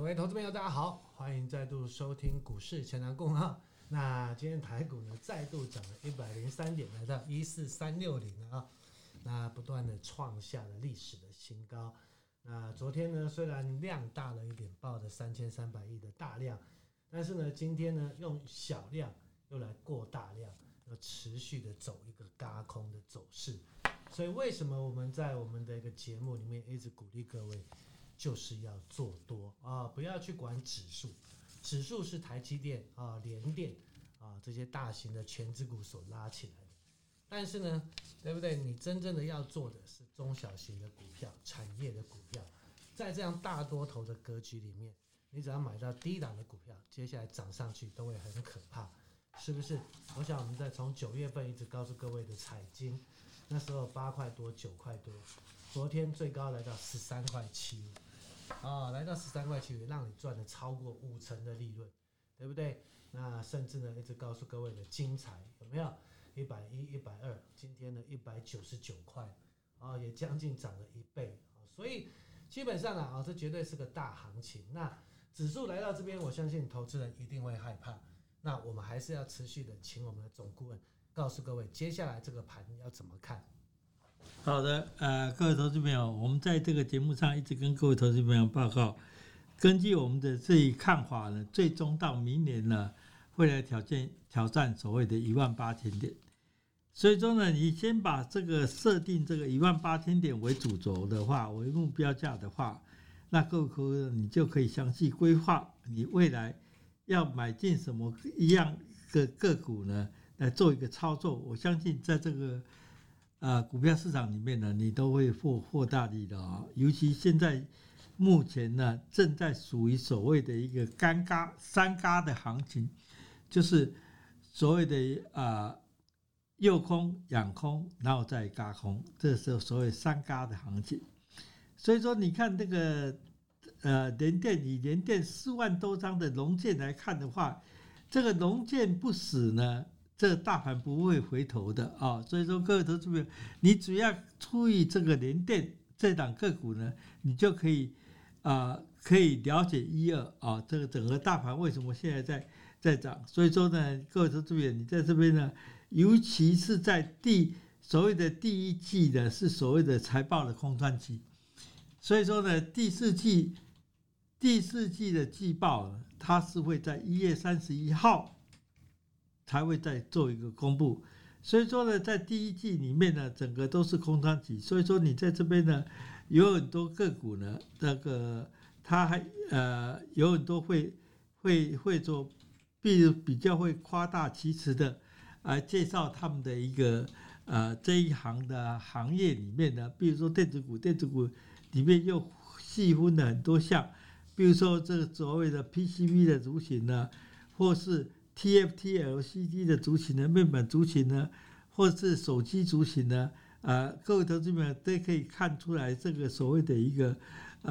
各位投資朋友，大家好，歡迎再度收聽股市強強滾。那今天台股呢再度漲了一百零三點，來到一四三六零啊，那不斷的創下了歷史的新高。那昨天呢雖然量大了一點，爆了三千三百億的大量，但是呢今天呢用小量又來過大量，要持續的走一個軋空的走勢。所以為什麼我們在我們的一個節目裡面一直鼓勵各位？就是要做多啊，不要去管指數，指數是台積電啊、聯電啊這些大型的權值股，所拉起來的。但是呢，對不對？你真正的要做的是中小型的股票、產業的股票。在這樣大多頭的格局裡面，你只要買到低檔的股票，接下來漲上去都會很可怕，是不是？我想我們在從九月份一直告訴各位的彩晶，那時候八塊多、九塊多，昨天最高來到十三塊七。啊、哦，來到十三塊起，讓你賺了超過五成的利潤，對不對？那甚至呢，一直告訴各位的精彩有沒有？一百一、一百二，今天呢一百九十九塊，啊、哦，也將近漲了一倍。哦、所以基本上啊、哦，這絕對是個大行情。那指數來到這邊，我相信投資人一定會害怕。那我們還是要持續的，請我們的總顧問告訴各位，接下來這個盤要怎麼看。好的，呃，各位投資朋友，我們在這個節目上一直跟各位投資朋友報告，根據我們的這一看法呢，最終到明年呢，會來挑戰挑戰所謂的一萬八千點。所以說呢，你先把這個設定這個一萬八千點為主軸的話，為目標價的話，那各位你就可以詳細規劃你未來要買進什麼一樣的個股呢，來做一個操作。我相信在這個。啊，股票市場裡面呢，你都會獲獲大利的啊。哦，尤其現在目前呢，正在屬於所謂的一個乾軋三軋的行情，就是所謂的啊，誘、呃、空、仰空，然後再軋空，這是所謂三軋的行情。所以說，你看這、那個呃聯電，以聯電四萬多張的融券來看的話，這個融券不死呢。這個大盤不會回頭的啊，所以說各位投資朋友，你只要注意這個連電這檔個股呢，你就可以啊，可以了解一二啊。這個整個大盤為什麼現在在在漲？所以說呢，各位投資朋友，你在這邊呢，尤其是在第所謂的第一季呢，是所謂的財報的空窗期，所以說呢，第四季第四季的季報，它是會在一月三十一號，才會再做一個公布，所以說呢，在第一季裡面呢，整個都是空窗期，所以說你在這邊呢，有很多個股呢，那、這個他還呃有很多會會會做，比如比較會誇大其詞的，來、啊、介紹他們的一個呃這一行的行業裡面呢，比如說電子股，電子股裡面又細分了很多項，比如說這個所謂的 PCB 的圖形呢，或是，TFT-LCD 的族群呢，面板族群呢，或者是手機族群呢，啊、呃，各位投資們都可以看出來，這個所謂的一個，啊、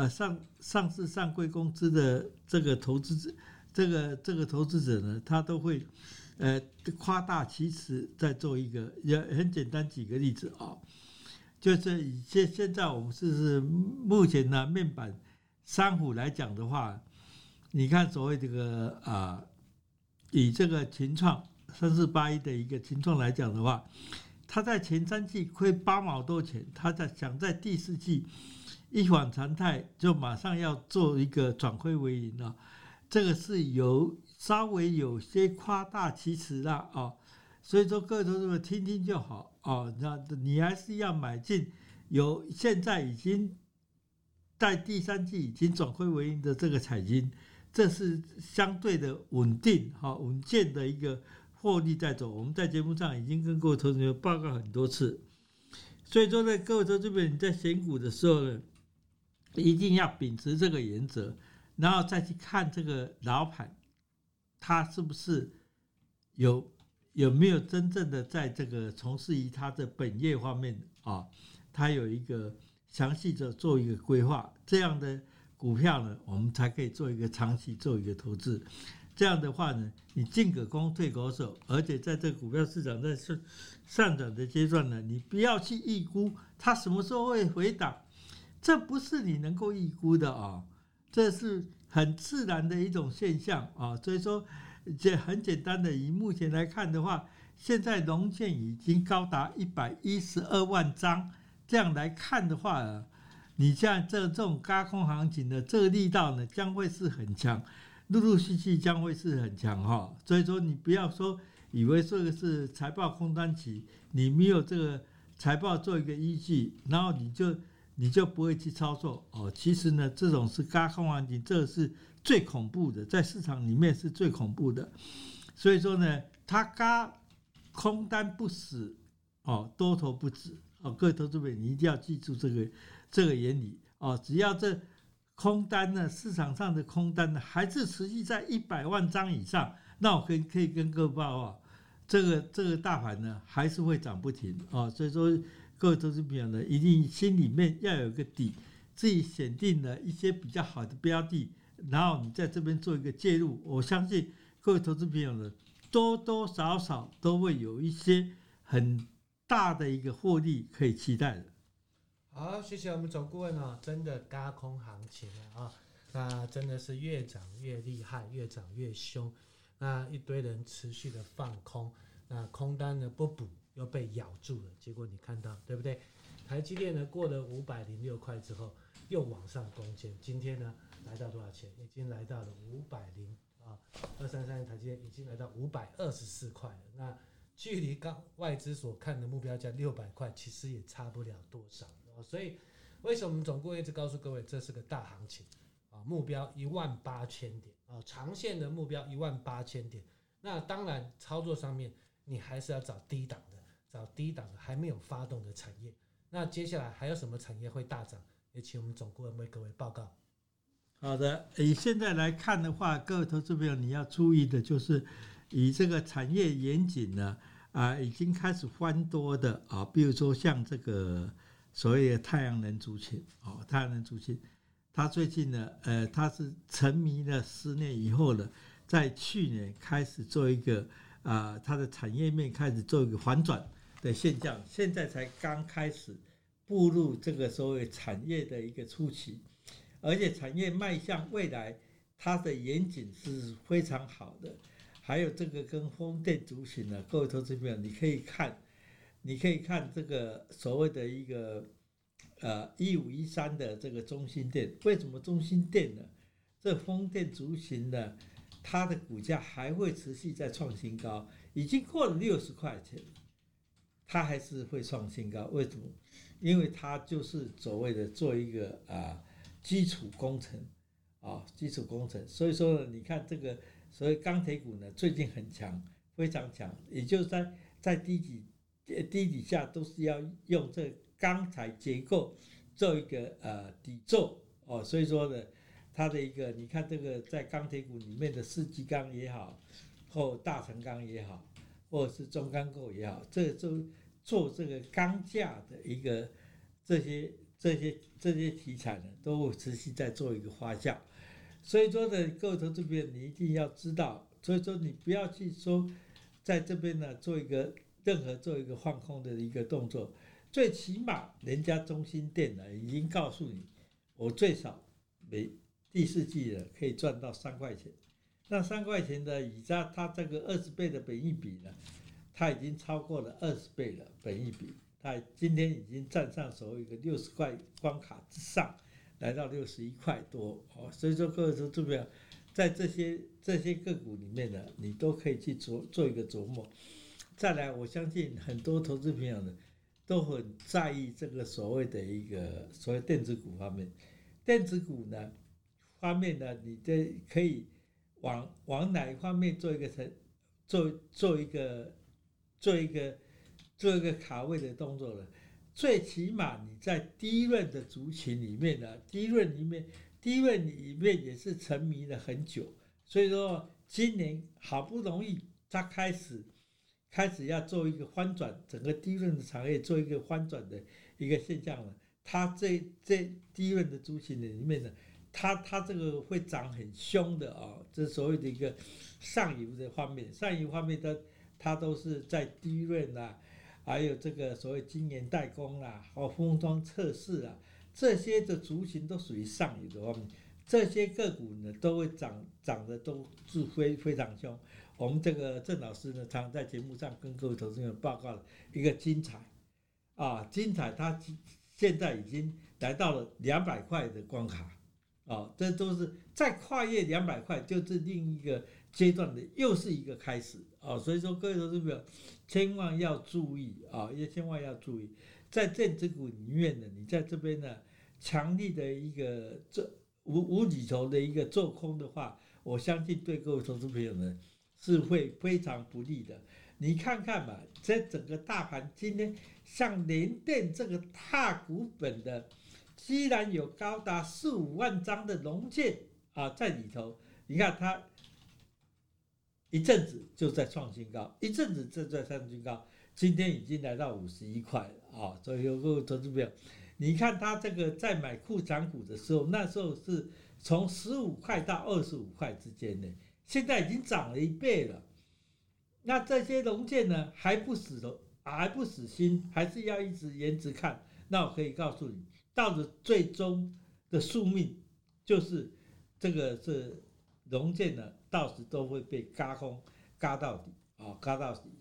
呃，上上市上櫃公司的這個投資者，這個這個投資者呢，他都會，呃，誇大其詞，在做一個也很簡單，舉個例子啊、哦，就是以現現在我們是是目前呢，面板三虎來講的話，你看所謂這個啊。呃以這個群創三四八一的一個群創來講的話，他在前三季虧八毛多錢，他在想在第四季一反常態就馬上要做一個轉虧為盈了，這個是有稍微有些誇大其詞了啊、哦。所以說，各位同學們聽聽就好啊、哦。那你還是要買進有現在已經在第三季已經轉虧為盈的這個彩晶。這是相對的穩定、哈穩健的一個獲利在走。我們在節目上已經跟各位同學報告很多次，所以說在各位投資人你在選股的時候呢，一定要秉持這個原則，然後再去看這個老闆他是不是有有沒有真正的在這個從事於他的本業方面啊，他有一個詳細的做一個規劃這樣的。股票呢，我們才可以做一個長期做一個投資，這樣的話呢，你進可攻退可守，而且在這個股票市場在上上漲的階段呢，你不要去預估它什麼時候會回檔，這不是你能夠預估的啊，這是很自然的一種現象啊，所以說這很簡單的，以目前來看的話，現在融券已經高達一百一十二萬張，這樣來看的話。你像這種軋空行情呢，這個力道呢將會是很強，陸陸續續將會是很強哈、哦。所以說你不要說以為這個是財報空單期，你沒有這個財報做一個依據，然後你就你就不會去操作哦。其實呢，這種是軋空行情，這個是最恐怖的，在市場裡面是最恐怖的。所以說呢，它軋空單不死哦，多頭不止哦，各位投資朋友你一定要記住這個。這個原理哦，只要這空單呢，市場上的空單呢還是持續在一百萬張以上，那我跟可以跟各位報告，這個這個大盤呢還是會漲不停啊、哦。所以說，各位投資朋友呢，一定心裡面要有個底，自己選定了一些比較好的標的，然後你在這邊做一個介入，我相信各位投資朋友呢，多多少少都會有一些很大的一個獲利可以期待的。好，謝謝我們總顧問哦，真的軋空行情啊，啊，那真的是越漲越厲害，越漲越凶，那一堆人持續的放空，那空單呢不補，又被咬住了。結果你看到對不對？台積電呢過了五百零六塊之後，又往上攻堅，今天呢來到多少錢？已經來到了五百零，啊，二三三，台積電已經來到五百二十四塊了，那距離剛外資所看的目標價六百塊其實也差不了多少。所以，為什麼總顧問一直告訴各位，這是個大行情啊？目標一萬八千點啊，長線的目標一萬八千點。那當然，操作上面你還是要找低檔的，找低檔的還沒有發動的產業。那接下來還有什麼產業會大漲？也請我們總顧問為各位報告。好的，以現在來看的話，各位投資朋友，你要注意的就是，以這個產業嚴謹呢啊，已經開始翻多的啊，比如說像這個。所謂的太陽能族群，哦，太陽能族群，它最近呢，呃，它是沉迷了十年以後呢，在去年開始做一個啊、呃，它的產業面開始做一個反轉的現象，現在才剛開始步入這個所謂產業的一個初期，而且產業邁向未來，它的遠景是非常好的，還有這個跟風電族群呢、啊，各位投資朋友，你可以看。你可以看這個所謂的一個，呃，一五一三的這個中興電，為什麼中興電呢？這風電族群呢，它的股價還會持續在創新高，已經過了六十塊錢，它還是會創新高。為什麼？因為它就是所謂的做一個啊、呃、基礎工程啊、哦、基礎工程，所以說呢，你看這個，所謂鋼鐵股呢最近很強，非常強，也就是在在第幾。地底，底下都是要用這鋼材結構做一個呃底座哦，所以說呢，它的一個你看這個在鋼鐵股裡面的世紀鋼也好，或大成鋼也，也好，或者是中鋼構也好，這都做這個鋼架的一個這些這些這些題材呢，都會持續在做一個發酵。所以說呢，構成這邊你一定要知道，所以說你不要去說在這邊呢做一個。任何做一個放空的一個動作，最起碼人家中心電腦已經告訴你，我最少每第四季的可以賺到三塊錢。那三塊錢的，以它它這個二十倍的本益比呢，它已經超過了二十倍的本益比，它今天已經站上所謂一個六十塊關卡之上，來到六十一塊多。所以說各位投資者，在這些這些個股裡面呢，你都可以去琢做，做一個琢磨。再來，我相信很多投資朋友呢，都很在意這個所謂的一個所謂電子股方面。電子股呢方面呢，你這可以往往哪一方面做一個成，做做一個做一個做一個卡位的動作了？最起碼你在 DRAM 的族群裡面呢，DRAM 裡面 DRAM 裡面也是沉迷了很久，所以說今年好不容易它開始。開始要做一個翻轉，整個 DRAM 的產業做一個翻轉的一個現象了。它這這 DRAM 的族群裡面呢，它它這個會漲很凶的哦，這所謂的一個上游的方面，上游方面它它都是在 DRAM 啊，還有這個所謂晶圓代工啊、和封裝測試啊，這些的族群都屬於上游的方面。這些個股呢，都會長漲的，得都是非非常凶。我們這個鄭老師呢，常、常在節目上跟各位投資朋友報告一個精彩，啊，精彩！它現在已經來到了兩百塊的關卡，啊，這都是再跨越兩百塊，就是另一個階段的又是一個開始，啊，所以說各位投資朋友千萬要注意啊，也千萬要注意，在這支股裡面呢，你在這邊呢，強力的一個這。無無厘頭的一個做空的話，我相信對各位投資朋友們是會非常不利的。你看看嘛，這整個大盤今天，像聯電這個大股本的，居然有高達四五萬張的融券啊在裡頭。你看它一陣子就在創新高，一陣子就在創新高，今天已經來到五十一塊了啊。哦。所以各位投資朋友。你看他這個在買庫藏股的時候，那時候是從十五塊到二十五塊之間呢，現在已經漲了一倍了。那這些融券呢還不死的、啊，還不死心，還是要一直延遲看。那我可以告訴你，到了最終的宿命就是這個是融券呢，到時都會被軋空，軋到底啊，軋到底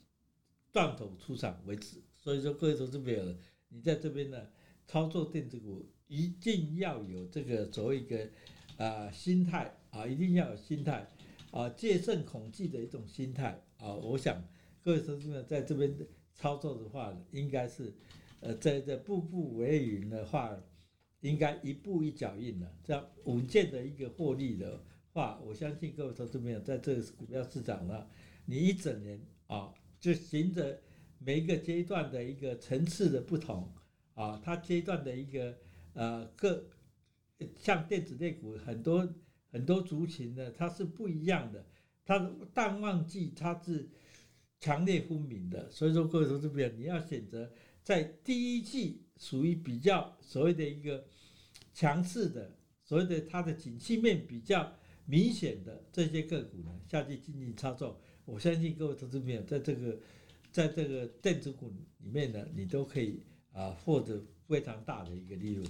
斷頭出場為止。所以說，各位同志們，你在這邊呢。操作電子股一定要有這個所謂一個，啊，心態啊，一定要有心態啊，戒慎恐懼的一種心態啊。我想各位投資者在這邊操作的話，應該是，呃，在在步步為營的話，應該一步一腳印了，這樣穩健的一個獲利的話，我相信各位投資者在這個股票市場呢，你一整年啊，就循著每一個階段的一個層次的不同。啊、哦，它階段的一個呃，各像電子類股很多很多族群呢，它是不一樣的。它的淡旺季它是強烈分明的，所以說各位投資朋友，你要選擇在第一季屬於比較所謂的一個強勢的，所謂的它的景氣面比較明顯的這些個股呢，下去進行操作。我相信各位投資朋友在這個在這個電子股裡面呢，你都可以。啊，獲得非常大的一個利潤。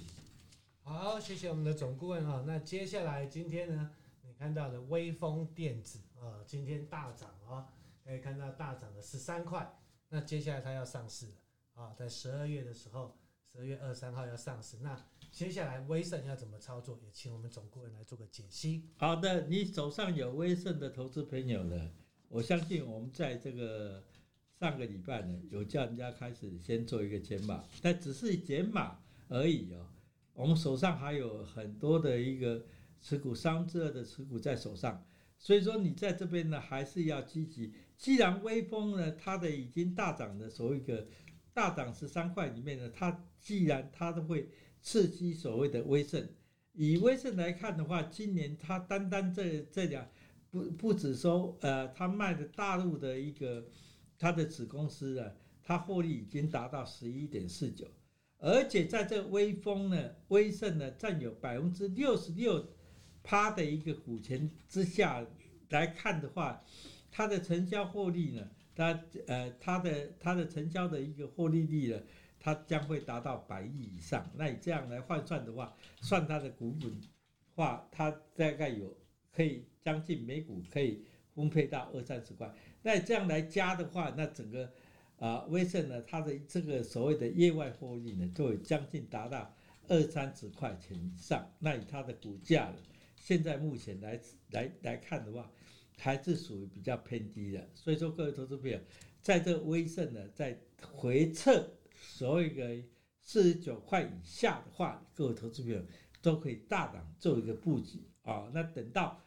好，謝謝我們的總顧問哈。那接下來今天呢，你看到的威鋒電子啊，今天大漲啊，可以看到大漲的十三塊。那接下來它要上市了啊，在十二月的時候，十二月二十三號要上市。那接下來威盛要怎麼操作？也請我們總顧問來做個解析。好的，你手上有威盛的投資朋友呢？我相信我們在這個。上個禮拜呢，有叫人家開始先做一個減碼，但只是減碼而已哦。我們手上還有很多的一個持股，三分之二的持股在手上，所以說你在這邊呢還是要積極。既然微風呢，它的已經大漲的所謂一個大漲十三塊裡面呢，它既然它都會刺激所謂的微盛。以微盛來看的話，今年它單單這這兩不不止說呃，它賣的大陸的一個。他的子公司呢，它獲利已經達到十一點四九，而且在這微風呢、微勝呢占有百分之六十六趴的一個股權之下來看的話，它的成交獲利呢，它呃它的它的成交的一個獲利率呢，它將會達到百億以上。那你這樣來換算的話，算它的股本的話，它大概有可以將近每股可以。分配到二三十塊，那這樣來加的話，那整個啊，威、呃、盛呢，它的這個所謂的業外獲利呢，就會將近達到二三十塊錢以上。那以它的股價，現在目前來來來看的話，還是屬於比較偏低的。所以說，各位投資朋友，在這威盛呢，在回撤所謂的四十九塊以下的話，各位投資朋友都可以大膽做一個布局啊、呃。那等到。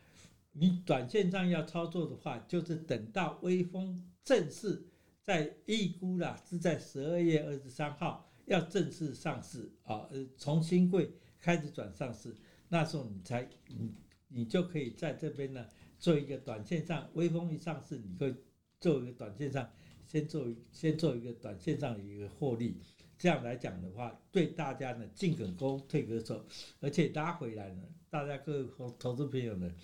你短線上要操作的話，就是等到微風正式在預估啦，是在十二月二十三號要正式上市啊，呃，從興櫃開始轉上市，那時候你才你你就可以在這邊呢做一個短線上，微風一上市，你可以做一個短線上，先做先做一個短線上的一個獲利，這樣來講的話，對大家呢進可攻退可守，而且拉回來呢，大家各位投資朋友呢。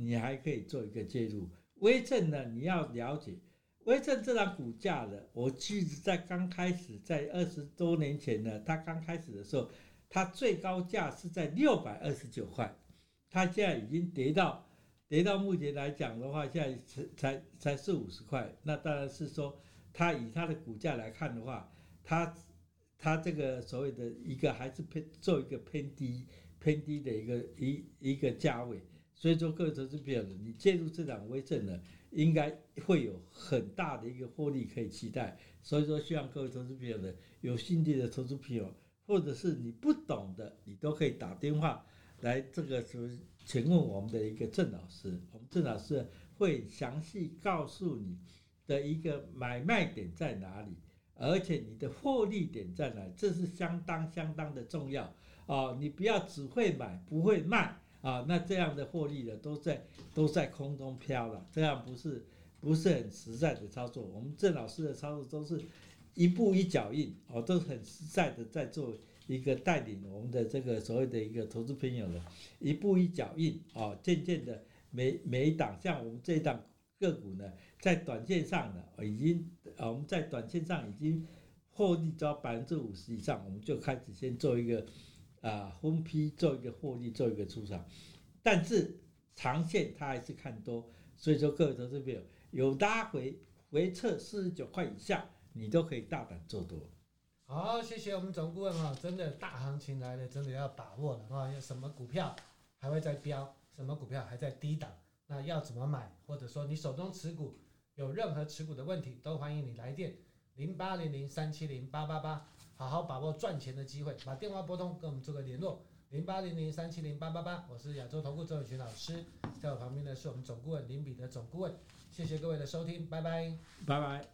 你還可以做一個介入威盛呢。你要了解威盛這張股價的，我記得在剛開始，在二十多年前呢，它剛開始的時候，它最高價是在六百二十九塊，它現在已經跌到跌到目前來講的話，現在才才才四五十塊。那當然是說，它以它的股價來看的話，它它這個所謂的一個還是偏做一個偏低偏低的一個一一個價位。所以說，各位投資朋友，你介入這場微證呢，應該會有很大的一個獲利可以期待。所以說，希望各位投資朋友，有心力的投資朋友，或者是你不懂的，你都可以打電話來這個什麼請問我們的一個鄭老師，我們鄭老師會詳細告訴你的一個買賣點在哪裡，而且你的獲利點在哪裡，這是相當相當的重要啊、哦！你不要只會買不會賣。啊，那這樣的獲利呢，都在都在空中飄了，這樣不是不是很實在的操作？我們鄭老師的操作都是一步一腳印，哦，都很實在的在做一個帶領我們的這個所謂的一個投資朋友的，一步一腳印，哦，漸漸的每每一檔，像我們這一檔個股呢，在短線上的已經，啊，我們在短線上已經獲利到百分之五十以上，我們就開始先做一個。啊，分批做一個獲利，做一個出場，但是長線他還是看多，所以說各位投資者有大家回回撤四十九塊以下，你都可以大膽做多。好，謝謝我們總顧問哈，真的大行情來了，真的要把握了啊。有什麼股票還會再飆，什麼股票還在低檔，那要怎麼買？或者說你手中持股有任何持股的問題，都歡迎你來電零八零零三七零八八八。好好把握賺錢的機會，把電話撥通，跟我們做個聯絡，零八零零三七零八八八，我是亞洲投顧周永群老師，在我旁邊的是我們總顧問林比的總顧問，謝謝各位的收聽，拜拜，拜拜。